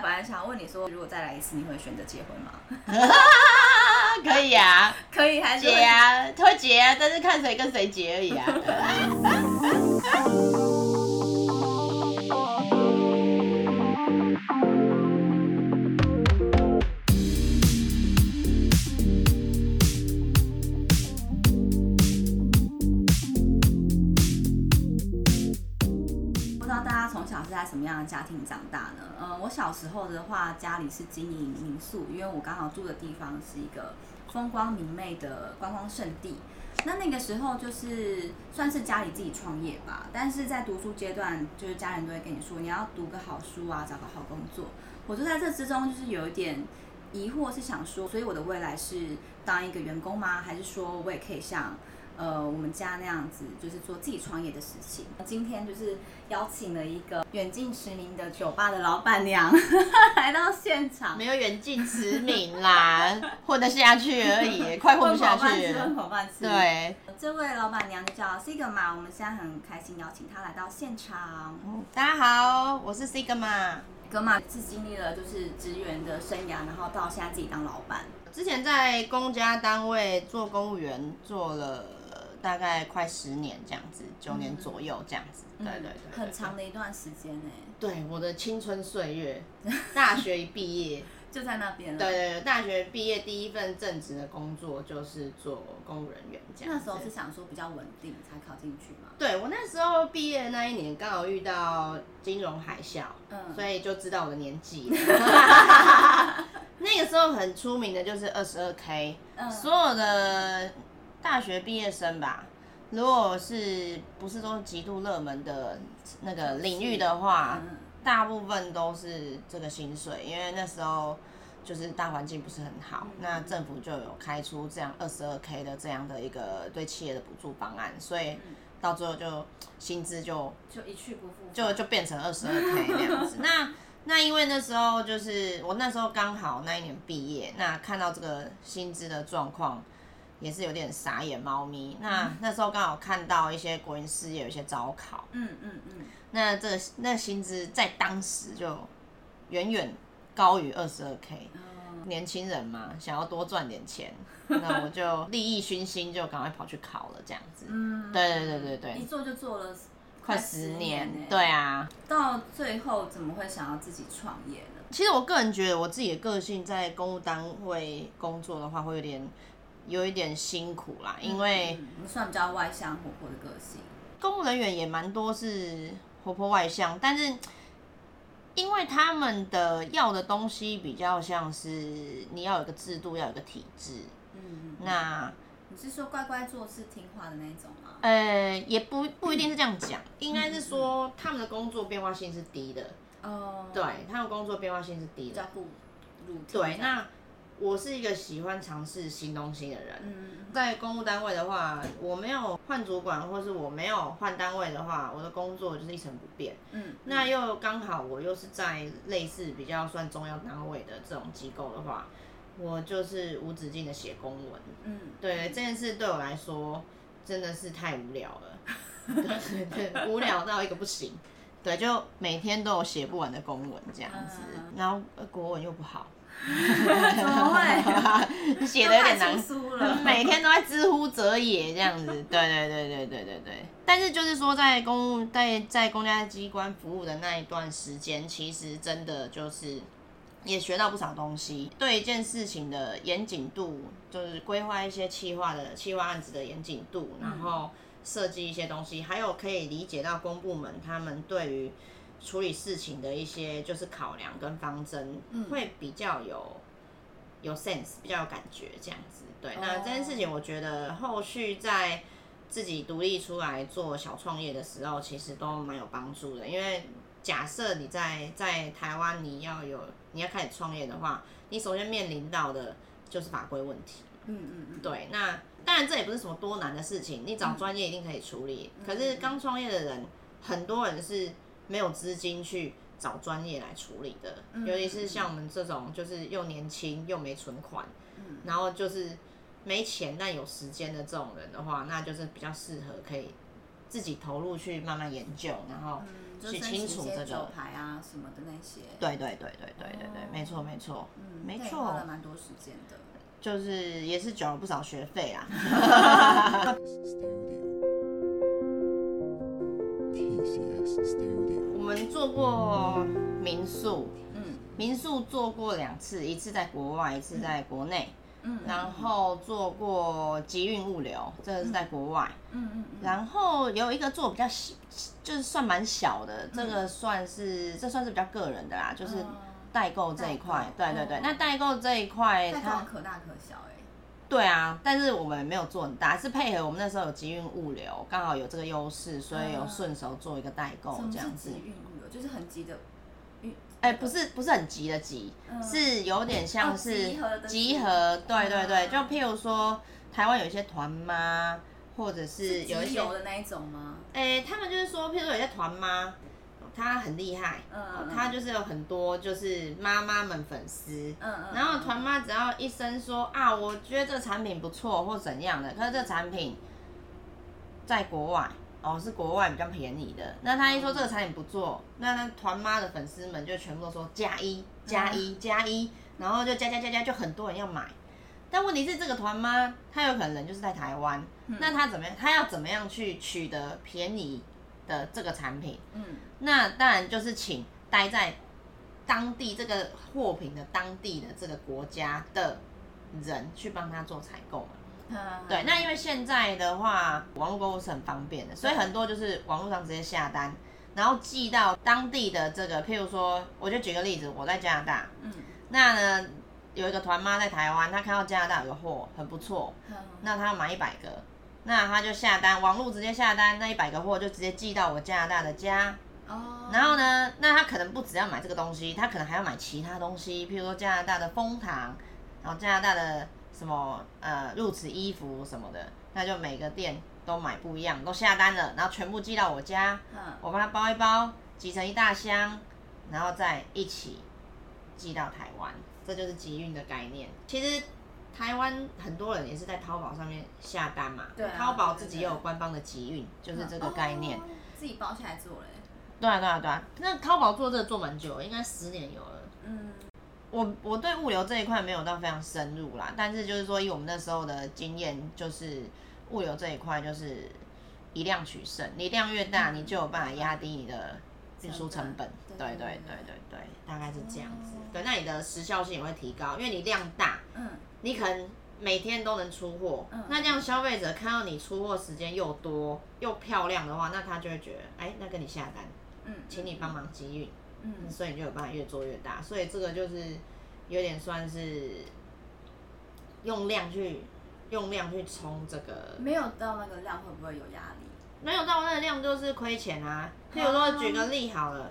本來想問你說，如果再來一次，你會選擇結婚嗎？可以啊，可以還是結啊？會結啊，但是看誰跟誰結而已啊。 什麼樣的家庭長大呢？嗯、呃，我小時候的話，家裡是經營民宿，因為我剛好住的地方是一個風光明媚的觀光勝地。那那個時候就是算是家裡自己創業吧，但是在讀書階段，就是家人都會跟你說，你要讀個好書啊，找個好工作。我就在這之中就是有一點疑惑，是想說，所以我的未來是當一個員工嗎？還是說我也可以像？呃，我們家那樣子就是做自己創業的事情。今天就是邀請了一個遠近馳名的酒吧的老闆娘呵呵來到現場。沒有遠近馳名啦， 混得下去而已， 快混不下去了，老闆吃，老闆吃。對，這位老闆娘叫 Sigma，我們現在很開心邀請她來到現場。哦，大家好，我是 Sigma。Sigma 是經歷了就是職員的生涯，然後到現在自己當老闆。之前在公家單位做公務員，做了。大概快十年這樣子，九、嗯、年左右這樣子，嗯、對對對，對，很長的一段時間呢、欸。對，我的青春歲月，大學一畢業 就在那邊了。對對，對大學畢業第一份正職的工作就是做公務人員這樣。那時候是想說比較穩定才考進去嘛。對，我那時候畢業的那一年剛好遇到金融海嘯，嗯，所以就知道我的年紀。 那個時候很出名的就是二十二 K，、嗯、所有的。大學畢業生吧，如果是不是都是極度熱門的那個領域的話，大部分都是這個薪水，因為那時候就是大環境不是很好，那政府就有開出這樣二十二 K 的這樣的一個對企業的補助方案，所以到最後就薪資就就一去不復返，就就變成二十二 K 那樣子。那那因為那時候就是我那時候剛好那一年畢業，那看到這個薪資的狀況。也是有點傻眼，貓咪。那、嗯、那時候剛好看到一些國營事業有一些招考，嗯嗯嗯。嗯嗯那這個、那薪資在當時就遠遠高於二十二 K，嗯。年輕人嘛，想要多賺點錢，呵呵那我就利益熏心，就趕快跑去考了，這樣子。嗯，對對對對對，一做就做了快十年。十年欸，對啊。到最後怎麼會想要自己創業呢？其實我個人覺得，我自己的個性在公務單位工作的話，會有點。有一點辛苦啦，因為、嗯嗯、算比較外向活潑的個性。公務人員也蠻多是活潑外向，但是因為他們的要的東西比較像是你要有一個制度，要有一個體制。嗯，那你是說乖乖做事聽話的那種嗎？呃，也不不一定是這樣講，嗯、應該是說他們的工作變化性是低的。哦、嗯。對，他們工作變化性是低的。比較不如對，那。我是一個喜歡嘗試新東西的人，嗯、在公務單位的話，我沒有換主管，或是我沒有換單位的話，我的工作就是一成不變。嗯，那又剛好我又是在類似比較算重要單位的這種機構的話，嗯、我就是無止境的寫公文。嗯，對這件事對我來說真的是太無聊了，嗯、對，對，對， 無聊到一個不行。對，就每天都有寫不完的公文這樣子，然後國文又不好。 怎麼會？寫的 有點難書了。每天都在知乎者也這樣子， 對對對對對對，但是就是說在在，在公務在在公家機關服務的那一段時間，其實真的就是也學到不少東西。對一件事情的嚴謹度，就是規劃一些企劃的企劃案子的嚴謹度，然後設計一些東西，還有可以理解到公部門他們對於。處理事情的一些就是考量跟方針，會比較有、嗯、有 sense，比較有感覺這樣子。對，哦、那這件事情我覺得後續在自己獨立出來做小創業的時候，其實都蠻有幫助的。因為假設你在在台灣你要有你要開始創業的話，你首先面臨到的就是法規問題。嗯嗯嗯。對，那當然這也不是什麼多難的事情，你找專業一定可以處理。嗯、可是剛創業的人，很多人是。沒有資金去找專業來處理的，嗯、尤其是像我們這種就是又年輕又沒存款，嗯、然後就是沒錢但有時間的這種人的話，那就是比較適合可以自己投入去慢慢研究，嗯、然後去清楚這個、這個、牌啊什麼的那些。對對對對對對對，哦、沒錯沒錯，嗯，沒錯，嗯、花了蠻多時間的，就是也是繳了不少學費啊。 我們做過民宿，嗯，民宿做過兩次，一次在國外，一次在國內，嗯，然後做過集運物流，這個是在國外，嗯嗯，然後有一個做比較小，就是算蠻小的，這個算是、嗯、這算是比較個人的啦，就是代購這一塊，呃、對對對，哦、那代購這一塊它，它可大可小誒、欸。對啊，但是我們沒有做很大，是配合我們那時候有集運物流，剛好有這個優勢，所以有順手做一個代購這樣子。呃、集運物流？就是很急的運，哎、欸，不是不是很急的急，呃、是有點像是集合。對對對，啊、就譬如說台灣有一些團媽，或者是有一些有的那一種嗎？哎、欸，他們就是說，譬如說有些團媽他很厲害，他就是有很多就是媽媽們粉絲，嗯、然後團媽只要一聲說、嗯、啊，我覺得這個產品不錯或怎樣的，可是這個產品在國外哦，是國外比較便宜的。那他一說這個產品不錯，那團媽的粉絲們就全部都說加一加一加一，然後就加加加加，就很多人要買。但問題是這個團媽，他有可能就是在台灣，那他怎麼樣？他要怎麼樣去取得便宜？的這個產品，嗯，那當然就是請待在當地這個貨品的當地的這個國家的人去幫他做採購嘛。嗯，對。那因為現在的話，網絡購物是很方便的，所以很多就是網絡上直接下單，然後寄到當地的這個。譬如說，我就舉個例子，我在加拿大，嗯，那呢有一個團媽在台灣，她看到加拿大有個貨很不錯，嗯，那她要買一百個。那他就下單，網路直接下單，那一百個貨就直接寄到我加拿大的家。Oh. 然後呢，那他可能不只要買這個東西，他可能還要買其他東西，譬如說加拿大的楓糖，然後加拿大的什麼呃入職衣服什麼的，那就每個店都買不一樣，都下單了，然後全部寄到我家，Huh. 我幫他包一包，集成一大箱，然後再一起寄到台灣，這就是集運的概念。其實。台灣很多人也是在淘寶上面下單嘛，對啊，淘寶自己也有官方的集運，對對對，就是這個概念，嗯，自己包起來做嘞，欸。對啊，對啊，對啊，那淘寶做這個做蠻久，應該十年有了。嗯，我我對物流這一塊沒有到非常深入啦，但是就是說，以我們那時候的經驗，就是物流這一塊就是以量取勝，你量越大，嗯，你就有辦法壓低你的運輸成本。對對對對對，的對對對，大概是這樣子。嗯，對，那你的時效性也會提高，因為你量大。嗯。你可能每天都能出貨，嗯、那這樣消費者看到你出貨時間又多又漂亮的話，那他就會覺得，哎，那跟你下單，請你幫忙集運，嗯嗯嗯、所以你就有辦法越做越大。所以這個就是有點算是用量去用量去衝這個，沒有到那個量會不會有壓力？沒有到那個量就是虧錢啊。譬如說舉個例好了，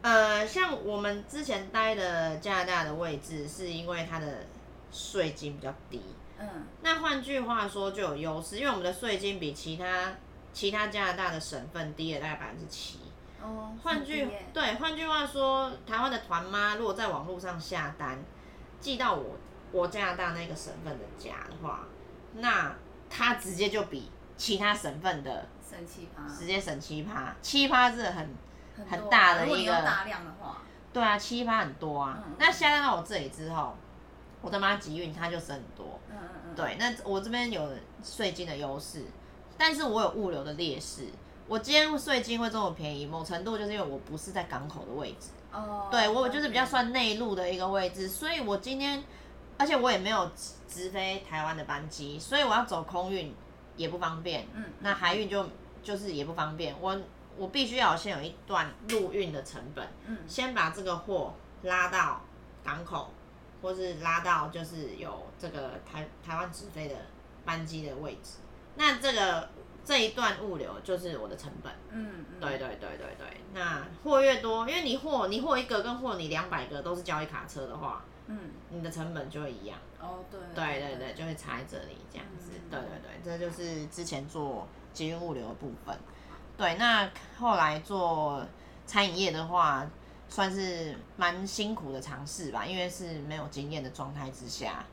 呃，像我們之前待的加拿大的位置，是因為它的。稅金比較低，嗯，那換句話說就有優勢，因為我們的稅金比其他其他加拿大的省份低了大概百分之七，哦，換句對，換句話說，台灣的團媽如果在網絡上下單，寄到我我加拿大那個省份的家的話，那他直接就比其他省份的省七趴，直接省七趴。七趴是很很多很大的一個，如果大量的話，對啊，七趴很多啊，嗯，那下單到我這裡之後。我他媽集運，它就省很多。嗯對，那我這邊有稅金的優勢，但是我有物流的劣勢。我今天稅金會這麼便宜，某程度就是因為我不是在港口的位置。哦、oh, okay。對我就是比較算內陸的一個位置，所以我今天，而且我也沒有直飛台灣的班機，所以我要走空運也不方便。嗯。那海運就就是也不方便，我我必須要先有一段陸運的成本，嗯，先把這個貨拉到港口。或是拉到就是有這個台台灣直飛的班機的位置，那這個這一段物流就是我的成本，嗯，嗯對對對對對，那貨越多，因為你貨你貨一個跟貨你兩百個都是交易卡車的話，嗯，你的成本就會一樣，哦，對，對對對，就會差在這裡這樣子，嗯、對對對，這就是之前做集運物流的部分，對，那後來做餐飲業的話。算是蠻辛苦的嘗試吧，因為是沒有經驗的狀態之下，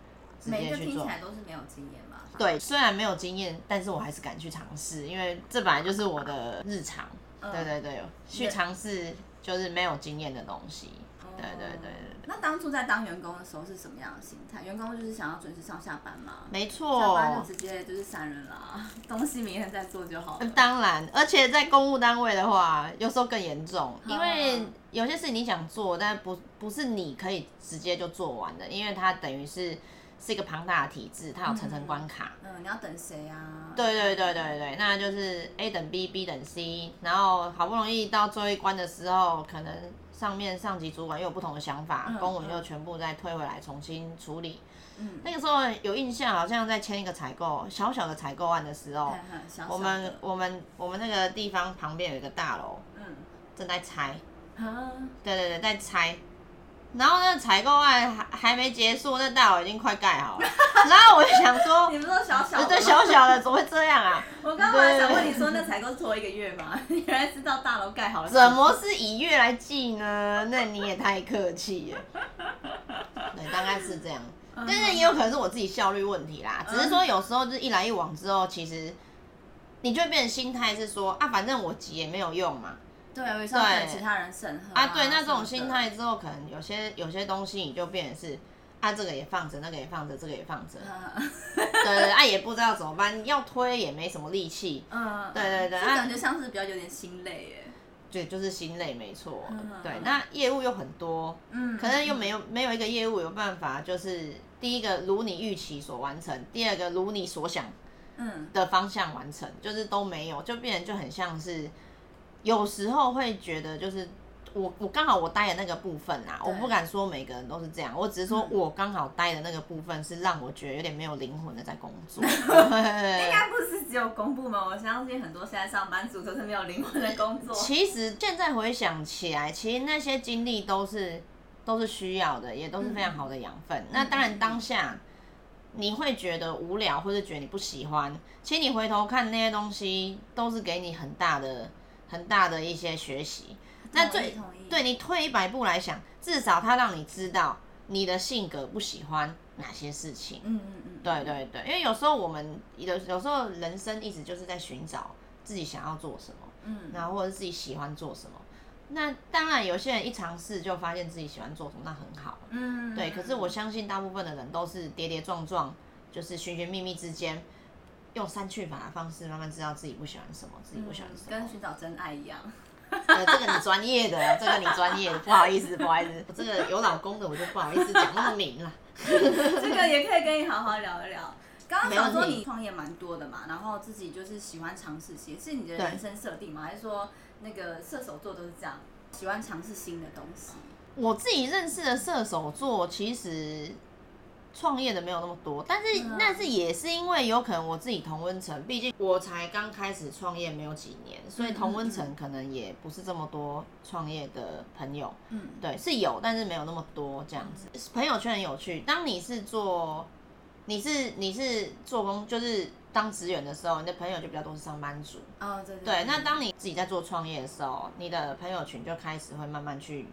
直接去做，每個聽起來都是沒有經驗嘛。對，嗯、雖然沒有經驗，但是我還是敢去嘗試，因為這本來就是我的日常。嗯、對對對，去嘗試就是沒有經驗的東西。嗯、對對對。哦，對對對。那當初在當員工的時候是什麼樣的心態？員工就是想要準時上下班嗎？沒錯，下班就直接就是三人閃了，東西明天再做就好了。當然，而且在公務單位的話，有時候更嚴重，因為有些事情你想做，但不不是你可以直接就做完的，因為它等於是。是一個龐大的體制，它有層層關卡，嗯。嗯，你要等誰啊？對對對對對，那就是 A 等 B，B 等 C，然後好不容易到最後一關的時候，可能上面上級主管又有不同的想法，公文又全部再退回來重新處理。嗯嗯、那個時候有印象，好像在簽一個採購小小的採購案的時候，嗯、小小我們我們我們那個地方旁邊有一個大樓，正在拆。啊、嗯。對對對，在拆。然後那採購案還還沒結束，那大樓已經快蓋好了。 然後我就想說，你們都小小的，這小小的，怎麼會這樣啊？我剛剛想問你說， 那採購是拖一個月嗎？原來知道大樓蓋好了是不是？怎麼是以月來計呢？那你也太客氣了。 對，大概是這樣。但是也有可能是我自己效率問題啦。嗯，只是說有時候就是一來一往之後，其實你就會變成心態是說，啊，反正我急也沒有用嘛。對，會上給其他人審核啊。對，啊對，那這種心態之後，的可能有些有些東西你就變成是，啊，這個也放着，那個也放着，這個也放着。嗯，對，對對， 啊，也不知道怎麼辦，要推也沒什麼力氣。嗯，對對對，我感覺像是比較有點心累耶。對，就是心累沒錯，沒錯，嗯。對，那業務又很多，嗯，可能又沒有沒有一個業務有辦法，就是第一個如你預期所完成，第二個如你所想，嗯，的方向完成，嗯，就是都沒有，就變成就很像是。有時候會覺得，就是我我剛好我待的那個部分啊，對我不敢說每個人都是這樣，我只是說我剛好待的那個部分是讓我覺得有點沒有靈魂的在工作。 對 應該不是只有公部門，我相信很多現在上班族都是沒有靈魂的工作。其實現在回想起來，其實那些經歷都是都是需要的，也都是非常好的養分。嗯、那當然當下你會覺得無聊或是覺得你不喜歡，其實你回頭看那些東西都是給你很大的。很大的一些學習，那最對你退一百步來想，至少他讓你知道你的性格不喜歡哪些事情。嗯嗯嗯，對對對，因為有時候我們有有時候人生一直就是在尋找自己想要做什麼，嗯，嗯，然後或者是自己喜歡做什麼。那當然，有些人一嘗試就發現自己喜歡做什麼，那很好。嗯，嗯，對。可是我相信大部分的人都是跌跌撞撞，就是尋尋覓覓之間，用刪去法的方式，慢慢知道自己不喜歡什麼，嗯、自己不喜歡什麼，跟尋找真愛一樣。這個你專業的，這個你專業的， 不好意思，不好意思。 我這個有老公的，我就不好意思講 那麼明了。 這個也可以跟你好好聊一聊。剛剛講說你創業蠻多的嘛，然後自己就是喜歡嘗試些。是你的人生設定嗎，對還是說那個射手座都是這樣，喜歡嘗試新的東西？我自己認識的射手座，其實。創業的沒有那麼多，但是那、嗯、是也是因為有可能我自己同溫層，畢竟我才剛開始創業沒有幾年，所以同溫層可能也不是這麼多創業的朋友。嗯，對，是有，但是沒有那麼多這樣子。嗯、朋友圈很有趣，當你是做，你是你是做工，就是當職員的時候，你的朋友就比較多是上班族啊、哦，對，對，對，對。對，那當你自己在做創業的時候，你的朋友群就開始會慢慢去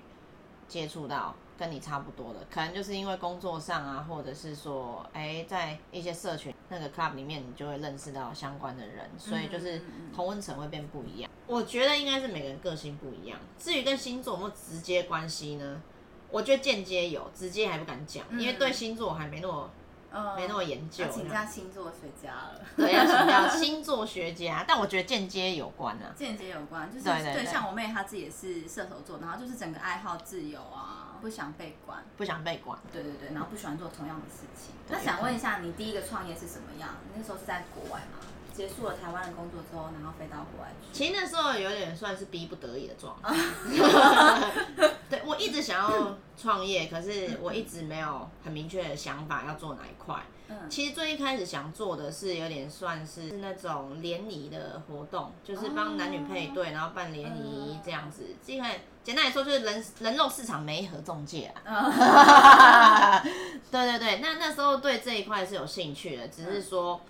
接觸到。跟你差不多的，可能就是因為工作上啊，或者是說，哎、欸，在一些社群那個 club 裡面，你就會認識到相關的人，所以就是同溫層會變不一樣。嗯嗯嗯。我覺得應該是每個人個性不一樣。至於跟星座有沒有直接關係呢？我覺得間接有，直接還不敢講，嗯、因為對星座我還沒那麼，呃、沒那麼研究。要請教星座學家了。 對，要請教星座學家，但我覺得間接有關啊。間接有關，就是對，對，對，對，對，像我妹她自己也是射手座，然後就是整個愛好自由啊。不想被管，不想被管，對對對，然後不喜歡做同樣的事情。嗯、那想問一下，你第一個創業是什麼樣？你那時候是在國外嗎？結束了台灣的工作之後，然後飛到國外去。其實那時候有點算是逼不得已的狀況 對，我一直想要創業，可是我一直沒有很明確的想法要做哪一塊。嗯，其實最一開始想做的是有點算是那種聯誼的活動，就是幫男女配對，哦、然後辦聯誼這樣子。其實、嗯、簡單來說就是人人肉市場媒合中介啊。 對對對，那那時候對這一塊是有興趣的，只是說。嗯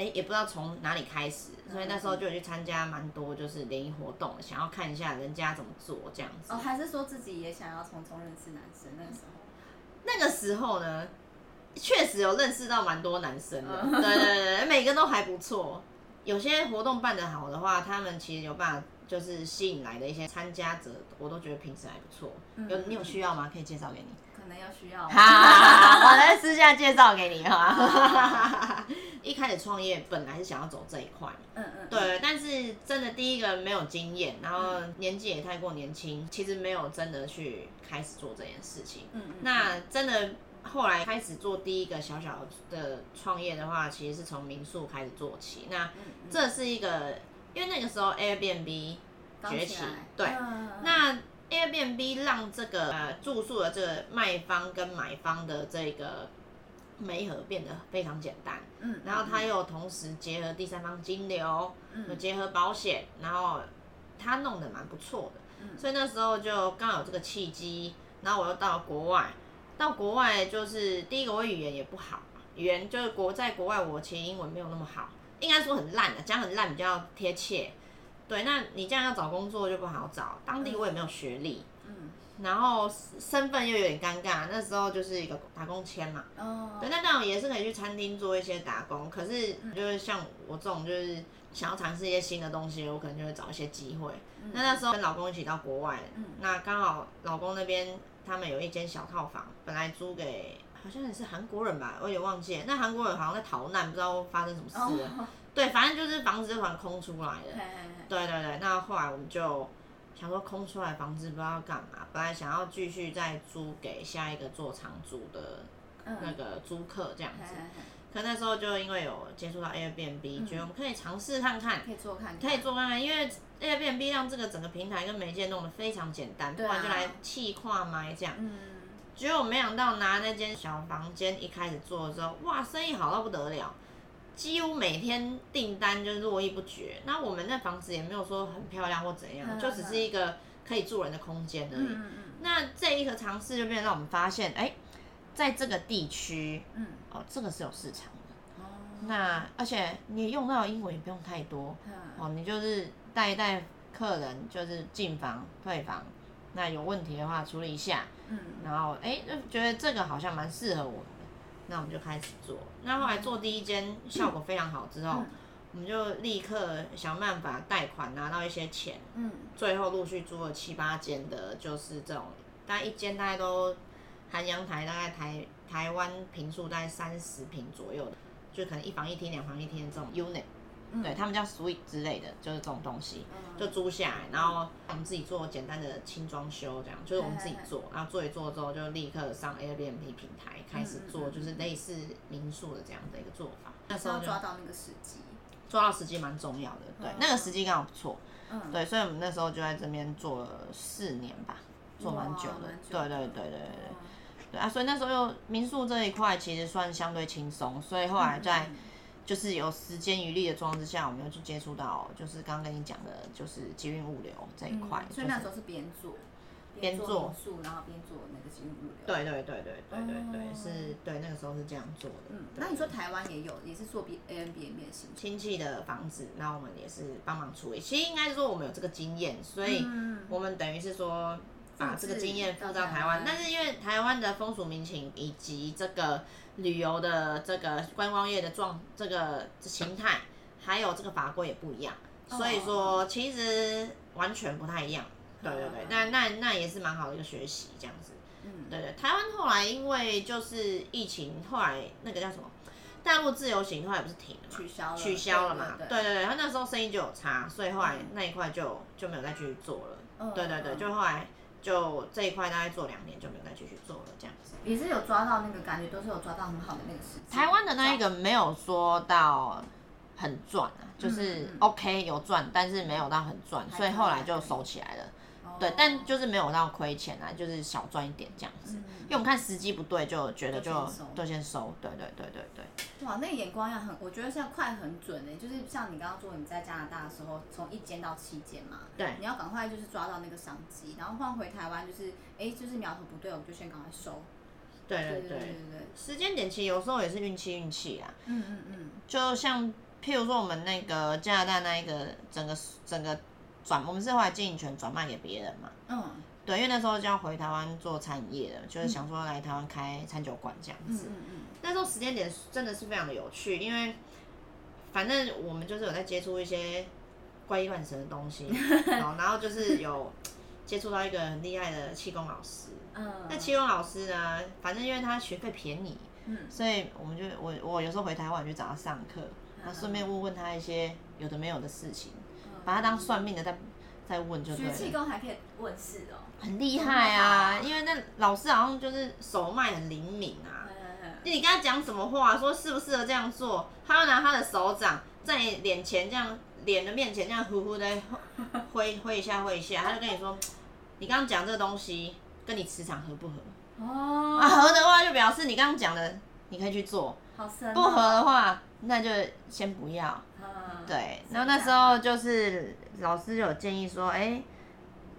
欸、也不知道從哪裡開始，所以那時候就有去參加蠻多就是聯誼活動，嗯、想要看一下人家怎麼做這樣子。哦，還是說自己也想要從重，重認識男生？那時候，那個時候呢，確實有認識到蠻多男生的。嗯、對對對， 每個都還不錯。有些活動辦得好的話，他們其實有辦法就是吸引來的一些參加者，我都覺得平時還不錯。嗯、有你有需要嗎？可以介紹給你。要需要，好， 我在私下介紹給你哈， 一開始創業本來是想要走這一塊，嗯，嗯嗯，對，但是真的第一個沒有經驗，然後年紀也太過年輕，其實沒有真的去開始做這件事情，嗯，嗯，嗯，那真的後來開始做第一個小小的創業的話，其實是從民宿開始做起，那這是一個，因為那個時候 Airbnb 崛起，起來，對，啊、那。Airbnb 讓這個呃住宿的這個賣方跟買方的這個媒合變得非常簡單，嗯，嗯然後他又同時結合第三方金流，嗯，結合保險，然後他弄得蠻不錯的，嗯，所以那時候就剛好有這個契機，然後我又到國外，到國外就是第一個我語言也不好，語言就是國在國外我其實英文沒有那麼好，應該說很爛啦，講很爛比較貼切。對，那你這樣要找工作就不好找。當地我也沒有學歷，嗯、然後身份又有點尷尬。那時候就是一個打工簽嘛，哦，對，那剛好也是可以去餐廳做一些打工。可是就是像我這種，就是想要嘗試一些新的東西，我可能就會找一些機會。嗯、那那時候跟老公一起到國外，嗯、那剛好老公那邊他們有一間小套房，本來租給好像也是韓國人吧，我有點忘記。那韓國人好像在逃難，不知道發生什麼事了。哦對，反正就是房子就空出來的。嘿嘿嘿對對對。那後來我們就想說，空出來房子不知道幹嘛。本來想要繼續再租給下一個做長租的那個租客這樣子。嗯、可那時候就因為有接觸到 Airbnb，嗯、覺得我們可以嘗試看看，可以做看看，可以做看看。因為 Airbnb 讓這個整個平台跟媒介弄得非常簡單，對、啊、不然就來氣跨賣這樣。嗯。結果我沒想到拿那間小房間一開始做的時候，哇，生意好到不得了。幾乎每天訂單就絡繹不絕，那我們那房子也沒有說很漂亮或怎樣，嗯、就只是一個可以住人的空間而已。嗯嗯、那這一個嘗試就變成讓我們發現，哎、欸，在這個地區，嗯，哦，這個是有市場的。哦、那而且你用到的英文也不用太多，嗯、哦，你就是帶一帶客人就是進房、退房，那有問題的話處理一下，嗯，然後哎、欸，就覺得這個好像蠻適合我的。那我們就開始做，那後來做第一間效果非常好之後，嗯、我們就立刻想辦法貸款拿到一些錢，嗯，最後陸續租了七八間的，就是這種，大概一間大概都含陽台，大概台台灣平數大概三十平左右的，就可能一房一廳、兩房一廳這種 unit。對他們叫 suite 之類的就是這種東西，就租下來，然後我們自己做簡單的輕裝修，這樣就是我們自己做，然後做一做之後就立刻上 Airbnb 平台開始做，就是類似民宿的這樣的一個做法。那時候抓到那個時機，抓到時機蠻重要的，對，那個時機剛好不錯，對，所以我們那時候就在這邊做了四年吧，做蠻久的，對對對對對對對啊，所以那時候又民宿這一塊其實算相對輕鬆，所以後來在。就是有時間餘力的狀況之下，我們要去接觸到，就是剛剛跟你講的，就是集運物流這一塊、嗯。所以那時候是邊做邊做，做，做，做然後邊做那個集運物流。對對對對對對對，哦、是，對那個時候是這樣做的。嗯、對那你說台灣也有，也是做、AM、B 對 A N B M 的親戚的房子，那我們也是幫忙處理。其實應該是說我們有這個經驗，所以我們等於是說。嗯嗯把這個經驗放到台灣，是但是因為台灣的風俗民情以及這個旅遊的這個觀光業的狀這個形態，還有這個法規也不一樣，哦、所以說其實完全不太一樣。哦、對對對，那那那也是蠻好的一個學習，這樣子。嗯、對，對對，台灣後來因為就是疫情，後來那個叫什麼，大陸自由行後來不是停了嗎？取消了，取消了嘛？對對對，對對對，他那時候生意就有差，所以後來那一塊就、嗯、就沒有再繼續做了。哦、對對對，就後來。就這一塊大概做兩年就沒有再繼續做了，這樣子也是有抓到那個感覺，都是有抓到很好的那個時機。台灣的那一個沒有說到很賺啊，就是 OK 有賺，但是沒有到很賺，所以後來就收起來了。對，但就是沒有到虧錢啊，就是小賺一點這樣子。嗯嗯，因為我們看時機不對，就覺得就就先，就先收。對對對對對、對。哇，那個、眼光要很，我覺得是要快很準誒、欸，就是像你剛剛說你在加拿大的時候，從一間到七間嘛。對。你要趕快就是抓到那個商機，然後換回台灣就是，哎、欸，就是苗頭不對，我們就先趕快收。對對對、對對對對。時間點其實有時候也是運氣運氣啊。嗯嗯嗯。就像譬如說我們那個加拿大那一個整個整個。整個轉，我們是後來經營權轉賣給別人嘛，嗯、哦，對，因為那時候就要回台灣做餐飲業了，嗯、就是想說來台灣開餐酒館這樣子。嗯嗯，嗯那時候時間點真的是非常的有趣，因為反正我們就是有在接觸一些怪異亂神的東西，嗯、然後就是有接觸到一個很厲害的氣功老師。嗯。那氣功老師呢，反正因為他學費便宜，嗯，所以我們就我我有時候回台灣去找他上課，那順便問問他一些有的沒有的事情。把他當算命的在在問就對了。學氣功還可以問事哦？很厲害啊！因為那老師好像就是手脈很靈敏啊。就你跟他講什麼話，說適不適合這樣做，他要拿他的手掌在你臉前這樣，臉的面前這樣呼呼的揮揮一下揮一下，他就跟你說，你剛剛講這個東西跟你磁場合不合？哦，啊合的話就表示你剛剛講的你可以去做，不合的話那就先不要。嗯、對，然後那時候就是老師有建議說，哎、欸，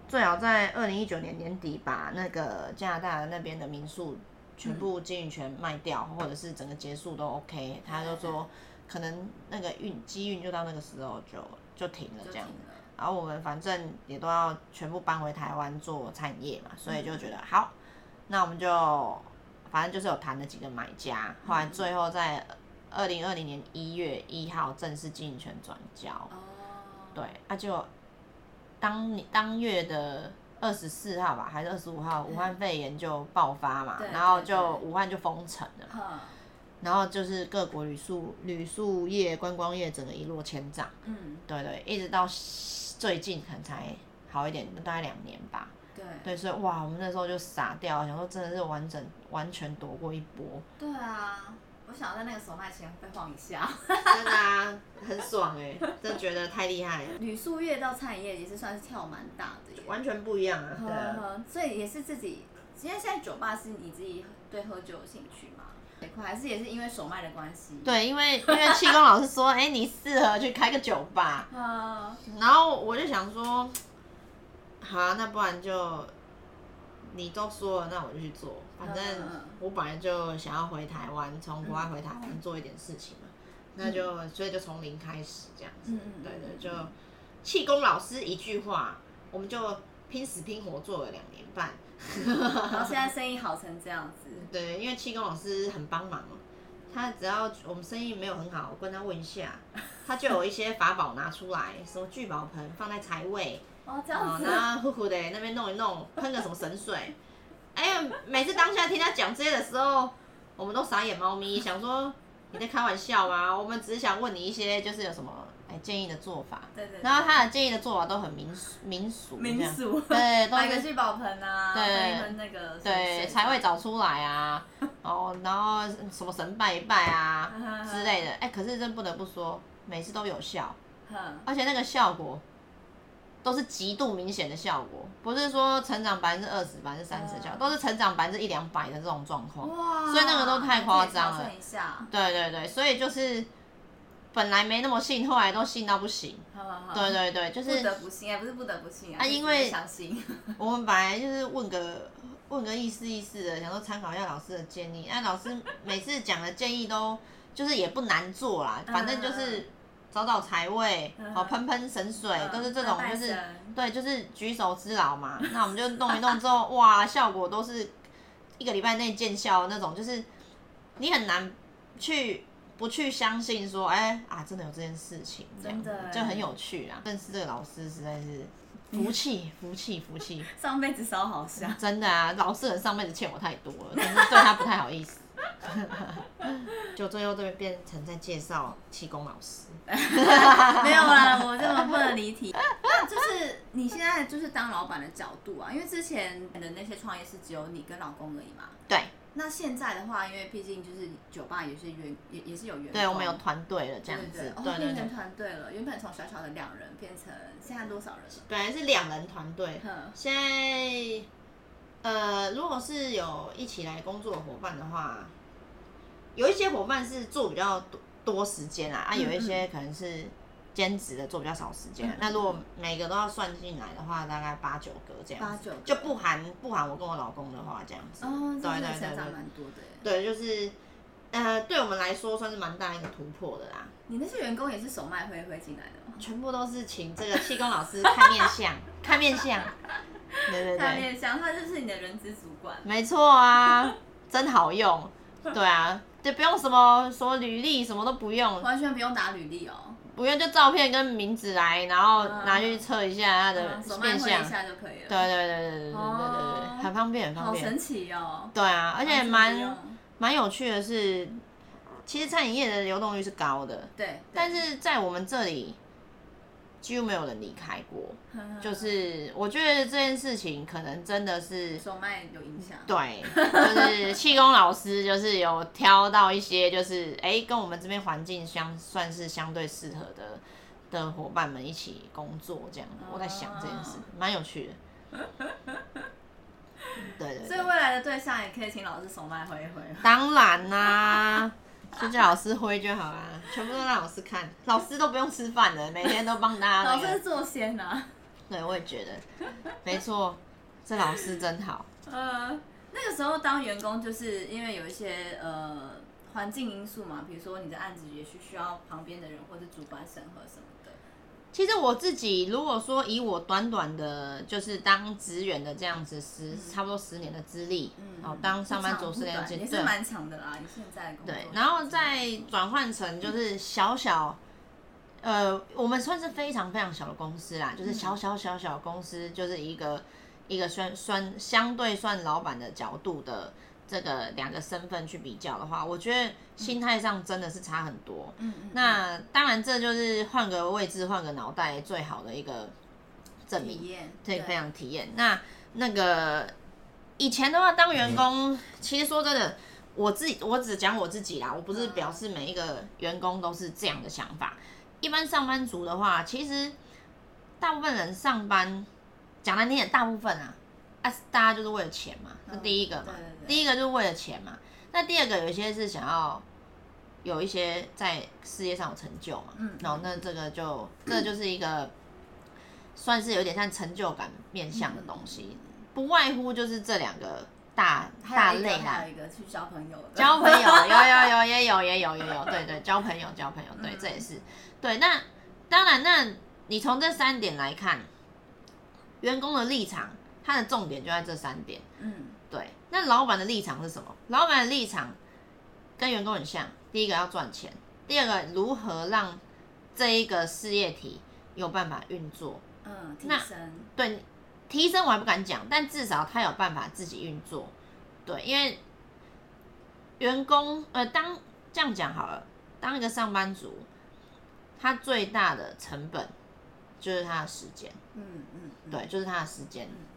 最好在二零一九年年底把那個加拿大那邊的民宿全部經營權賣掉，嗯、或者是整個結束都 OK 對對對。他就說，可能那個運機運就到那個時候就就停了這樣子。然後我們反正也都要全部搬回台灣做餐飲業嘛，嗯、所以就覺得好，那我們就反正就是有談了幾個買家，後來最後在。二零二零年一月一號正式經營權轉交，oh. 對，他、啊、就當當月的二十四號吧，還是二十五號，嗯、武漢肺炎就爆發嘛，對對對，然後就武漢就封城了，呵然後就是各國旅宿、旅宿業、觀光業整個一落千丈，嗯，對，對對，一直到最近可能才好一點，大概兩年吧，對，對，所以哇，我們那時候就傻掉，想說真的是完整完全躲過一波，對啊。我想在那個手脈前會晃一下， 啊欸、真的很爽哎，真覺得太厲害了。旅宿業到餐飲業也是算是跳蠻大的，完全不一樣啊。嗯、對吧所以也是自己，因為現在酒吧是你自己對喝酒有興趣嘛，還是也是因為手脈的關係？對，因為因為氣功老師說，哎、 欸，你適合去開個酒吧。嗯、然後我就想說，好，那不然就你都說了，那我就去做。反正我本來就想要回台灣，從國外回台灣做一點事情嘛，嗯、那就所以就從零開始這樣子，嗯、對，對對，就氣功老師一句話，我們就拼死拼活做了兩年半，然後、嗯啊、現在生意好成這樣子。 對，因為氣功老師很幫忙嘛，他只要我們生意沒有很好，我跟他問一下，他就有一些法寶拿出來， 什麼聚寶盆放在財位，哦，這樣子啊、然後呼呼的那邊弄一弄，噴個什麼神水。哎呀，每次當下聽他講這些的時候，我們都傻眼貓咪，想說你在開玩笑嗎？我們只想問你一些，就是有什麼哎建議的做法。對，對對。然後他的建議的做法都很民俗民俗民俗，民俗對，擺個聚寶盆啊，對，一那個對財位找出來啊，哦， 然後什麼神拜一拜啊之類的。哎，可是真不得不說，每次都有效，呵而且那個效果。都是極度明顯的效果，不是說成長百分之二十、百分之三十的效果，都是成長百分之一兩百的這種狀況。哇！所以那個都太誇張了。對對對，所以就是本來沒那麼信，後來都信到不行。好好好對對對，就是不得不信哎、啊，不是不得不信啊，啊，因為我們本來就是問個問個意思意思的，想說參考一下老師的建議。那、啊、老師每次講的建議都就是也不難做啦，反正就是。嗯找找財位，好噴噴神水，嗯、都是這種，就是對，就是舉手之勞嘛。那我們就弄一弄之後， 哇，效果都是一個禮拜內見效的那種，就是你很難去不去相信說，哎、欸、啊，真的有這件事情這樣，真的就很有趣啦。但是這個老師實在是福氣，福氣，福氣， 上輩子燒好香，真的啊，老師，很上輩子欠我太多了，但是對他不太好意思。 就最後這邊變成在介紹氣功老師， 沒有啦，我這麼不能離題。 那就是你現在就是當老板的角度啊，因為之前的那些創業是只有你跟老公而已嘛。對。那現在的話，因為畢竟就是酒吧也是有，也也是有員工。對我們有團隊了，這樣子。對我們、哦、變成團隊了，對原本從小小的兩人變成現在多少人了？本來是兩人團隊，呵現在。呃，如果是有一起來工作的夥伴的話，有一些夥伴是做比較多多時間啊。啊，有一些可能是兼職的做比較少時間。那、嗯嗯、如果每個都要算進來的話，大概八九個這樣，八九就不含不含我跟我老公的話，這樣子哦，真的成長蠻多的，對，就是呃，對我們來說算是蠻大一個突破的啦。你那些員工也是手脈會會進來的嗎？全部都是請這個氣功老師看面相， 看面相。 對對對，他就是你的人事主管，沒錯啊， 真好用。對啊，就不用什麼說履歷，什麼都不用，完全不用打履歷哦，不用就照片跟名字來，然後拿去測一下他的面相，對對對對對對對對，啊、很方便很方便，好神奇哦。對啊，而且蠻蠻有趣的是，其實餐飲業的流動率是高的，對，對，對，但是在我們這裡。幾乎沒有人離開過，呵呵，就是我覺得這件事情可能真的是手脈有影響，對，就是氣功老師就是有挑到一些就是哎、欸，跟我們這邊環境相算是相對適合的的伙伴們一起工作這樣，我在想這件事蠻有趣的，對對，對，所以未來的對象也可以請老師手脈回一回，當然啦、啊。就叫老師揮就好啦，啊，全部都讓老師看，老師都不用吃飯了，每天都幫大家。 老師是做仙啊？對，我也覺得，沒錯，這老師真好。呃，那個時候當員工，就是因為有一些呃環境因素嘛，比如說你的案子也是需要旁邊的人或者主管審核什麼。其實我自己，如果說以我短短的，就是當職員的這樣子十，嗯、差不多十年的資歷，哦、嗯，當上班族十年，對也是蠻長的啦。你現在工作對，然後再轉換成就是小小，嗯、呃，我們算是非常非常小的公司啦，就是小小小小小公司，就是一個、嗯、一個算算相對算老闆的角度的，這個兩個身份去比較的話，我覺得心態上真的是差很多。嗯，嗯嗯。那當然，這就是換個位置、換個腦袋最好的一個證明，體驗對，對非常體驗。那那個以前的話，當員工，嗯、其實說真的，我自己我只講我自己啦，我不是表示每一個員工都是這樣的想法。嗯、一般上班族的話，其實大部分人上班，講難聽點，大部分啊。啊，大家就是為了錢嘛，哦、這是第一個嘛。對對對，第一個就是為了錢嘛。那第二個，有一些是想要有一些在事業上有成就嘛。嗯,嗯，那這個就，嗯、這就是一個算是有點像成就感面向的東西，嗯、不外乎就是這兩個大個大類啦。一個去交朋,交,朋有有有交朋友，交朋友，有有有也有也有也有，對對，交朋友交朋友，對，這也是對。那當然，那你從這三點來看，員工的立場。他的重點就在這三點，嗯，對。那老闆的立場是什麼？老闆的立場跟員工很像，第一個要賺錢，第二個如何讓這一個事業體有辦法運作。嗯，提升。那，對，提升我還不敢講，但至少他有辦法自己運作。對，因為員工，呃，當這樣講好了，當一個上班族，他最大的成本就是他的時間，嗯。嗯嗯，對，就是他的時間。嗯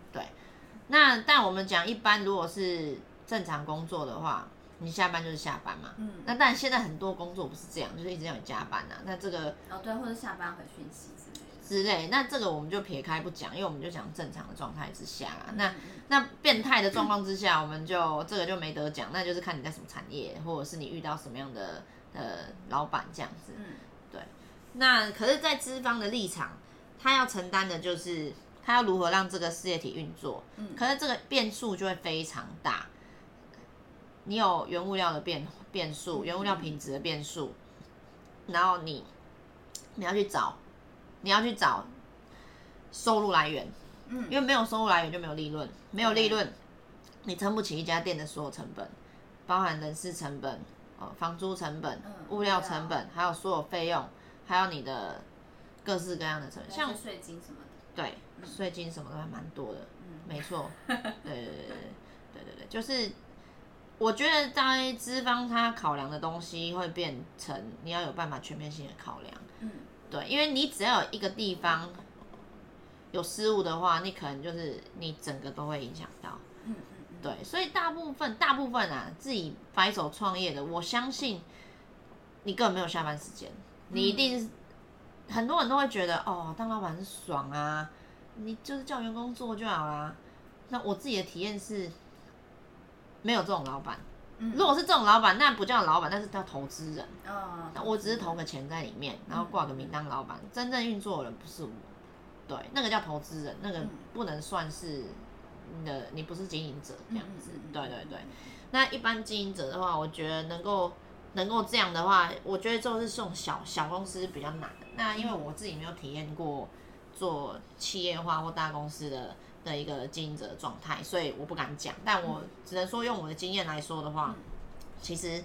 那但我們講一般，如果是正常工作的話，你下班就是下班嘛。嗯。那但現在很多工作不是這樣，就是一直要你加班吶、啊。那這個哦，對，或者下班回訊息之類。之類，那這個我們就撇開不講，因為我們就講正常的狀態之下啊。嗯、那那變態的狀況之下，我們就這個就沒得講，嗯、那就是看你在什麼產業，或者是你遇到什麼樣的呃老板這樣子。嗯、對。那可是，在資方的立場，他要承擔的就是。他要如何讓這個事業體運作？可是這個變數就會非常大。你有原物料的變變數，原物料品質的變數，然後你你要去找，你要去找收入來源，因為沒有收入來源就沒有利潤，沒有利潤你撐不起一家店的所有成本，包含人事成本、房租成本、物料成本，還有所有費用，還有你的各式各樣的成本，像稅金什麼的，對。稅金什麼的還蠻多的，嗯，沒錯，對對對,對對對，就是我覺得在資方他考量的東西會變成你要有辦法全面性的考量，嗯，對，因為你只要有一個地方有失誤的話，你可能就是你整個都會影響到，嗯對，所以大部分大部分啊自己白手創業的，我相信你根本沒有下班時間，你一定、嗯、很多人都會覺得哦，當老板是爽啊。你就是叫員工做就好啦、啊。那我自己的體驗是，沒有這種老闆。如果是這種老闆，那不叫老闆，那是叫投資人。Oh, okay. 那我只是投個錢在裡面，然後掛個名當老闆。嗯、真正運作的人不是我，對，那個叫投資人，那個不能算是，你的。你不是經營者這樣子。嗯、對對對。那一般經營者的話，我覺得能夠能夠這樣的話，我覺得就是這種小小公司比較難。那因為我自己沒有體驗過。做企業化或大公司的的一個經營者的狀態，所以我不敢講，但我只能說用我的經驗來說的話，嗯、其實，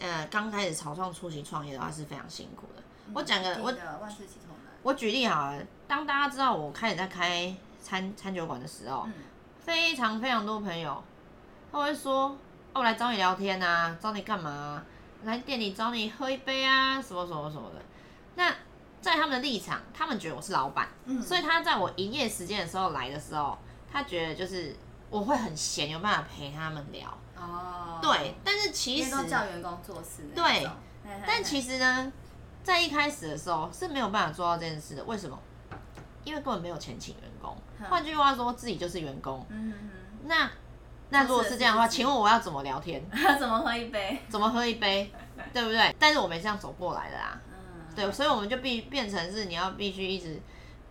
呃，剛開始草創、初期創業的話是非常辛苦的。嗯、我講個，的我萬事起頭難。我舉例好了，當大家知道我開始在開餐餐酒館的時候，嗯、非常非常多朋友，他會說：“哦，我來找你聊天啊，找你幹嘛？來店裡找你喝一杯啊，什麼什麼什麼的。那”那在他們的立場，他們覺得我是老闆，嗯、所以他在我營業時間的時候來的時候，他覺得就是我會很閒，有辦法陪他們聊。哦，對，但是其實都叫員工做事。對，嘿嘿嘿，但其實呢，在一開始的時候是沒有辦法做到這件事的。為什麼？因為根本沒有錢請員工。換、嗯、句話說，自己就是員工。嗯、那那如果是這樣的話，是是請問我要怎麼聊天？要怎麼喝一杯？怎麼喝一杯？ 對不對？但是我沒這樣走過來的啦。對，所以我們就必變成是你要必須一直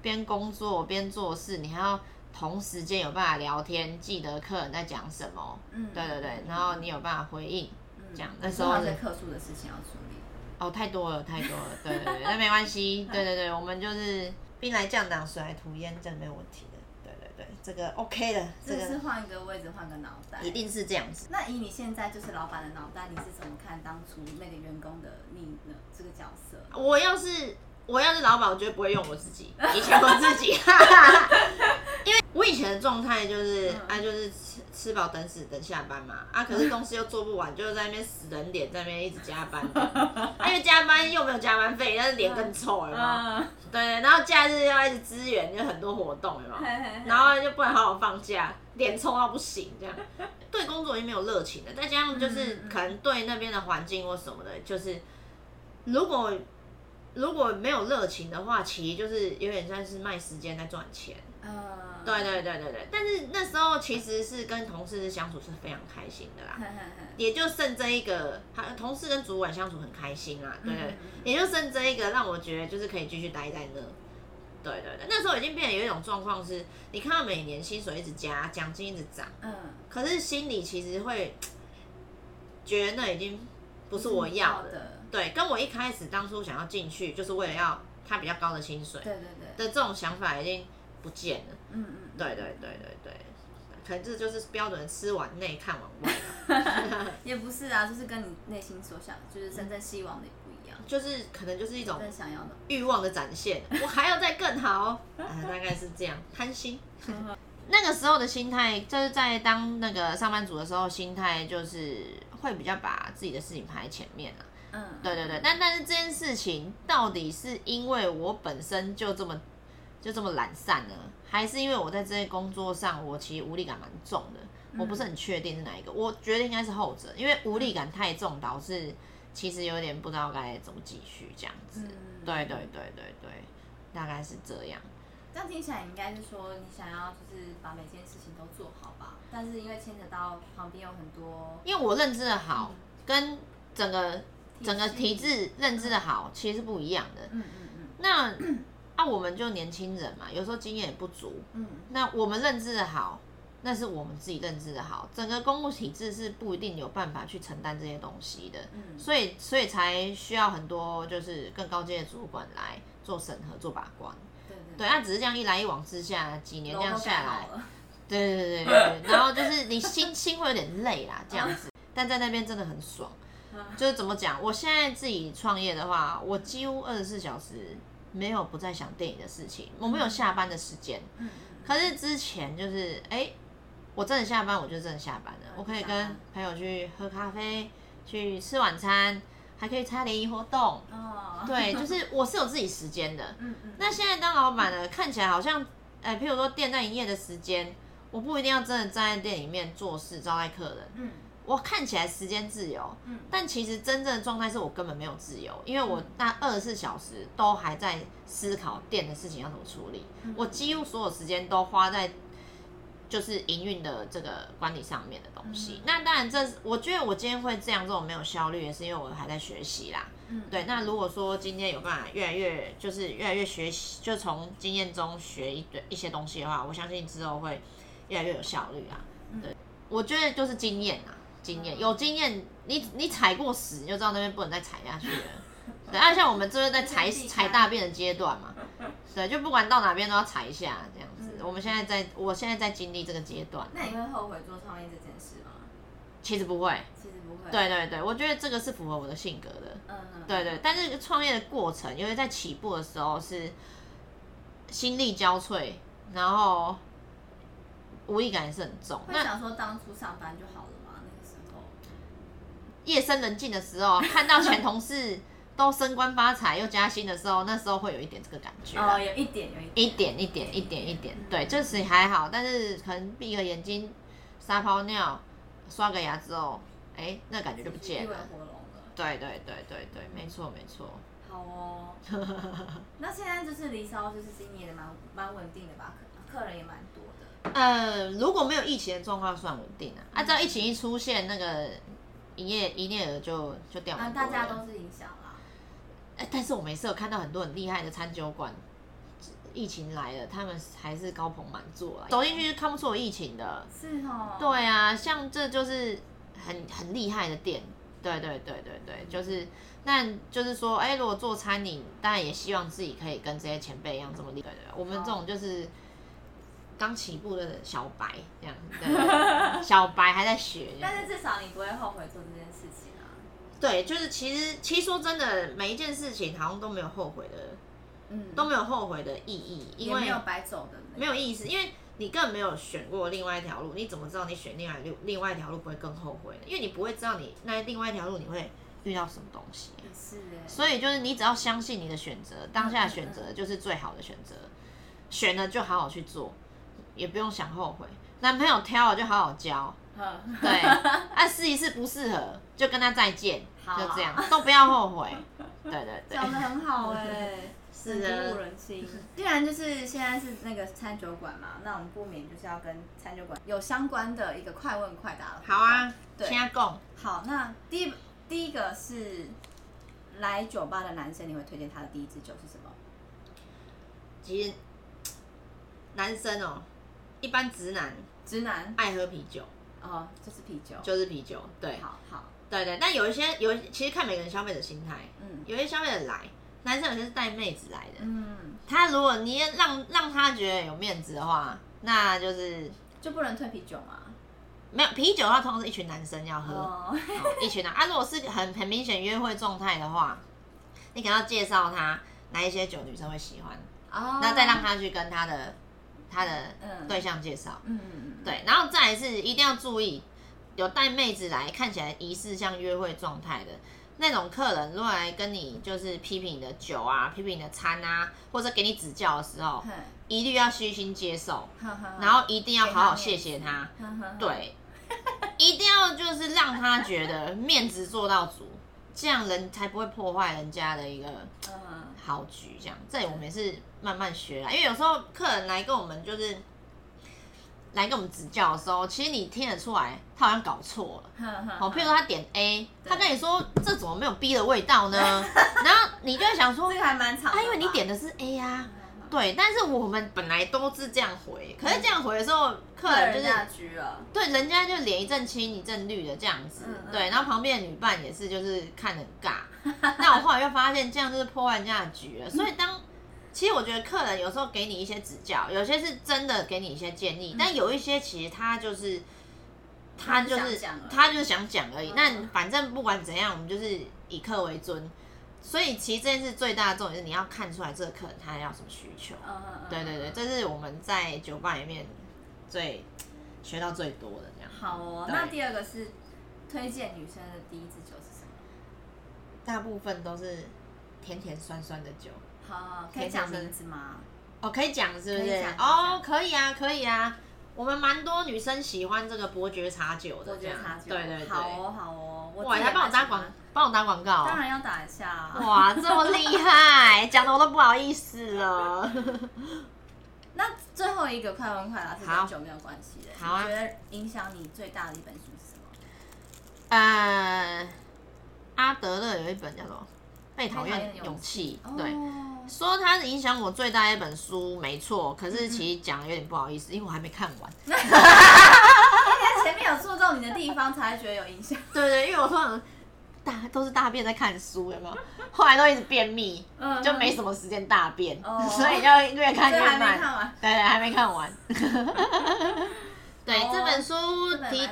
邊工作邊做事，你還要同時間有辦法聊天，記得客人在講什麼，嗯，對對對，嗯、然後你有辦法回應，嗯、講，那時候是。很特殊的事情要處理。哦，太多了，太多了，對對對，那 沒關係，對對對, 對對對，我們就是兵來將擋，水來土掩，真的沒有問題。這個 OK 的，這個是換一個位置，換個腦袋，一定是這樣子。那以你現在就是老闆的腦袋，你是怎麼看當初那個員工的你呢？這個角色，我要是我要是老闆，我絕對不會用我自己，以前我自己。 我以前的狀態就是，啊，就是吃吃飽等死，等下班嘛。啊，可是公司又做不完，就在那邊死人臉，在那邊一直加班的。啊，因為加班又沒有加班費，但是臉更臭了嘛。嗯嗯、對，對，對，然後假日要一直支援，就很多活動嘛。嘿嘿嘿，然後就不能好好放假，臉臭到不行這樣。對工作也沒有熱情了，再加上就是可能對那邊的環境或什麼的，就是如果如果沒有熱情的話，其實就是有點像是賣時間在賺錢。嗯。對對對對對，但是那時候其實是跟同事是相處是非常開心的啦，嘿嘿嘿，也就剩這一個，同事跟主管相處很開心啦，對對對，嗯、也就剩這一個讓我覺得就是可以繼續待在那，嗯、對對對，那時候已經變得有一種狀況是你看到每年薪水一直加，獎金一直漲，嗯，可是心裡其實會，覺得那已經不是我要、嗯、的，對，跟我一開始當初想要進去就是為了要他比較高的薪水，對對對，的這種想法已經不見了。嗯嗯，對，對對對對對，可能這就是標準吃碗內看碗外 也不是啊，就是跟你內心所想，就是真正希望的也不一樣，就是可能就是一種想要的欲望的展現，我還要再更好、 啊，大概是這樣，貪心。呵呵，那個時候的心態就是在當那個上班族的時候，心態就是會比較把自己的事情排在前面啊。嗯，對對對，但但是這件事情到底是因為我本身就這麼。就這麼懶散了，還是因為我在這些工作上，我其實無力感蠻重的。我不是很確定是哪一個，嗯、我覺得應該是後者，因為無力感太重，導致其實有點不知道該怎麼繼續這樣子。嗯、對對對對對，大概是這樣。這樣聽起來應該是說，你想要就是把每件事情都做好吧？但是因為牽扯到旁邊有很多，因為我認知的好、嗯、跟整個整個體制認知的好其實是不一樣的。嗯嗯嗯。嗯嗯那那、啊、我們就年輕人嘛，有時候經驗也不足。嗯，那我們認知的好，那是我們自己認知的好。整個公務體制是不一定有辦法去承擔這些東西的，嗯，所以所以才需要很多就是更高階的主管來做審核、做把關。對對，對，對，那只是這樣一來一往之下，幾年這樣下來，對對對對對，然後就是你心情會有點累啦。 這樣子。但在那邊真的很爽，啊、就是怎麼講，我現在自己創業的話，我幾乎二十四小時。沒有不再想電影的事情，我沒有下班的時間。嗯嗯嗯、可是之前就是哎、欸，我真的下班我就真的下班了，嗯、我可以跟朋友去喝咖啡，去吃晚餐，還可以參加聯誼活動。哦、對，就是我是有自己時間的。嗯嗯、那現在當老板了，嗯、看起來好像、欸、譬如說店在營業的時間，我不一定要真的站在店裡面做事招待客人。嗯我看起來時間自由，嗯，但其實真正的狀態是我根本沒有自由，因為我那二十四小時都還在思考店的事情要怎麼處理，嗯、我幾乎所有時間都花在就是營運的這個管理上面的東西。嗯、那當然這是，這我覺得我今天會這樣做，沒有效率，也是因為我還在學習啦。嗯，對。那如果說今天有辦法越來越就是越來越學習，就從經驗中學一對一些東西的話，我相信之後會越來越有效率啊。對，嗯、我覺得就是經驗啊。經驗有經驗，你你踩過屎，你就知道那邊不能再踩下去了。 對啊，像我們這是在踩踩大便的階段嘛，對，就不管到哪邊都要踩一下這樣子。嗯、我們現在在，我現在在經歷這個階段。那你會後悔做創業這件事嗎？其實不會，其實不會。對對對，我覺得這個是符合我的性格的。嗯嗯。對，對對，但是創業的過程，因為在起步的時候是心力交瘁，然後無力感也是很重，會想說當初上班就好了嘛？夜深人靜的時候，看到前同事都升官發財又加薪的時候，那時候會有一點這個感覺。哦，有一點，有一點，一點，一點，對對一點，一對，這、就、時、是、還好，但是可能閉個眼睛撒泡尿、刷個牙之後，哎、欸，那感覺就不見了。活龍對對對對對，沒錯、嗯、沒錯錯。好哦。 那現在就是離騷，就是今年的蠻蠻穩定的吧，客人也蠻多的。呃，如果沒有疫情的狀況，算穩定啊。按照、嗯啊、疫情一出現，那個。營業營業額就就掉很多，啊、大家都是影響了。但是我沒事，看到很多很厲害的餐酒館，疫情來了，他們還是高朋滿座，走進去就看不出有疫情的。是哦，對啊，像這就是很很厲害的店，對對對對對，就是那，嗯、但就是說，哎、欸，如果做餐飲，當然也希望自己可以跟這些前輩一樣這麼厲害。嗯、對，對，對，我們這種就是。剛起步的小白這樣， 小白還在學。但是至少你不會後悔做這件事情啊。對，就是其實，其實說真的，每一件事情好像都沒有後悔的，嗯，都沒有後悔的意義，因為沒有白走的，沒有意思。因為你根本沒有選過另外一條路，你怎麼知道你選另外另外一條路不會更後悔的？因為你不會知道你那另外一條路你會遇到什麼東西啊。是的耶。所以就是你只要相信你的選擇，當下的選擇就是最好的選擇，嗯嗯嗯，選了就好好去做。也不用想後悔，男朋友挑了就好好教。呵呵呵，對，哎、啊、試一試不適合就跟他再見，好好就這樣都不要後悔，欸、對對對，講的很好哎，是的深入人心。既然就是現在是那個餐酒館嘛，那我們不免就是要跟餐酒館有相關的一個快問快答了。好啊，對，請講。好，那第一第一個是來酒吧的男生，你會推薦他的第一支酒是什麼？其實男生哦、喔。一般直男，直男愛喝啤酒，哦，就是啤酒，就是啤酒，對，好，好，對，對對，但有一些有，其實看每個人消費者心態，嗯，有些消費者來，男生有些是帶妹子來的，嗯，他如果你讓讓他覺得有面子的話，那就是就不能退啤酒嘛，沒有啤酒的話，通常是一群男生要喝，哦、一群男， 啊，如果是很很明顯約會狀態的話，你給他介紹他哪一些酒女生會喜歡，哦，那再讓他去跟他的。他的對象介紹，嗯嗯，對，然後再來是一定要注意，有帶妹子來，看起來疑似像約會狀態的那種客人，如果來跟你就是批評你的酒啊，批評你的餐啊，或者給你指教的時候，嘿，一律要虛心接受，呵呵呵然後一定要好好謝謝他，他對，呵呵呵一定要就是讓他覺得面子做到足。這樣人才不會破壞人家的一個好局。這樣，嗯、這裡我們也是慢慢學啦。對 因為有時候客人來跟我們就是來跟我們指教的時候，其實你聽得出來，他好像搞錯了。好、喔，譬如說他點 A，< 對 S 1> 他跟你說這怎麼沒有 B 的味道呢？對 然後你就會想說，這個還蠻長、啊。他因為你點的是 A 呀、啊，對。但是我們本來都是這樣回，嗯、可是這樣回的時候。客人就是對，人家、哦、對，人家就臉一陣青一陣綠的這樣子，嗯嗯對，然後旁邊的女伴也是，就是看得很尬。那 我後來又發現，這樣就是破壞人家的局了。所以當、嗯、其實我覺得客人有時候給你一些指教，有些是真的給你一些建議，但有一些其實他就是、嗯、他就是想他就是想講而已。那、嗯嗯、反正不管怎樣，我們就是以客為尊。所以其實這件事最大的重點是你要看出來這個客人他要什麼需求。嗯嗯對對對，這是我們在酒吧裡面。最學到最多的這樣。好哦，對那第二個是推薦女生的第一支酒是什麼？大部分都是甜甜酸酸的酒。好、哦，的可以講名字嗎？哦，可以講，是不是？哦，可以，可，以 oh, 可以啊，可以啊。我們蠻多女生喜歡這個伯爵茶酒的，對對對，好哦，好哦。我哇，你還幫我打廣，幫我打廣告？當然要打一下、啊。哇，這麼厲害，講得 我都不好意思了。 那最後一個《快問快答》是跟酒沒有關係的。好啊。你有有覺得影響你最大的一本書是什麼、啊？呃，阿德勒有一本叫做《被討厭的勇氣》勇氣，對，哦、說它影響我最大一本書沒錯。可是其實講有點不好意思，因為我還沒看完。因為前面有注重你的地方，才會覺得有影響。對，對對，因為我說都是大便在看書，有沒有？後來都一直便秘，就沒什麼時間大便，所以要越看越慢。對，還沒看完。對，還沒看完。對，這本書題，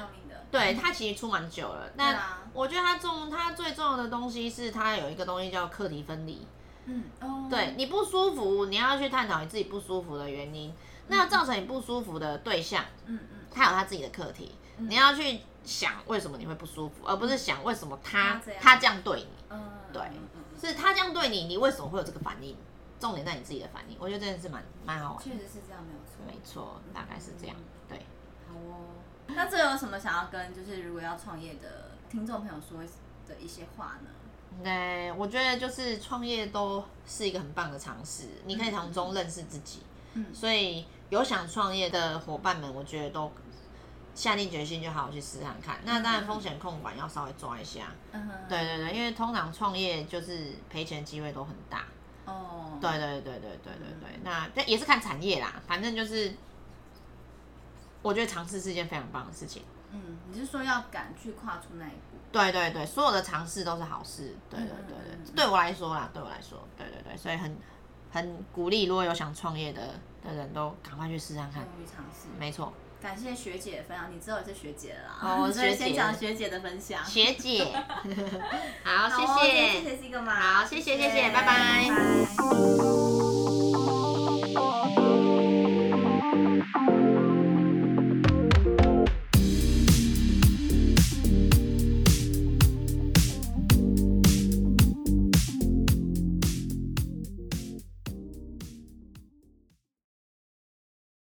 對它其實出蠻久了。那我覺得它重，它最重要的東西是它有一個東西叫課題分離。嗯，對，你不舒服，你要去探討你自己不舒服的原因。那造成你不舒服的對象，嗯嗯，他有他自己的課題，你要去。想為什麼你會不舒服，而不是想為什麼他他這樣對你，嗯、對，嗯嗯、是他這樣對你，你為什麼會有這個反應？重點在你自己的反應。我覺得真的是蠻蠻好玩的，確實是這樣，沒有錯，沒錯，大概是這樣，嗯、哼對。好哦，那這有什麼想要跟就是如果要創業的聽眾朋友說的一些話呢？對，我覺得就是創業都是一個很棒的嘗試，嗯、哼你可以從中認識自己。嗯，嗯，所以有想創業的夥伴們，我覺得都。下定決心就好好去試試看，那當然風險控管要稍微抓一下。嗯哼。對對對，因為通常創業就是賠錢機會都很大。哦。對對對對對對對，那但也是看產業啦，反正就是，我覺得嘗試是一件非常棒的事情。嗯，你是說要敢去跨出那一步？對對對，所有的嘗試都是好事。對對對對，對我來說啦，對我來說，對對對，所以很很鼓勵，如果有想創業的的人都趕快去試試看，去嘗試，沒錯。感謝學姐分享，你之後也是學姐了哦。所以先講學姐的分享，學姐，謝謝。好，謝謝，謝謝，好、欸，謝謝，謝謝，拜，拜，拜。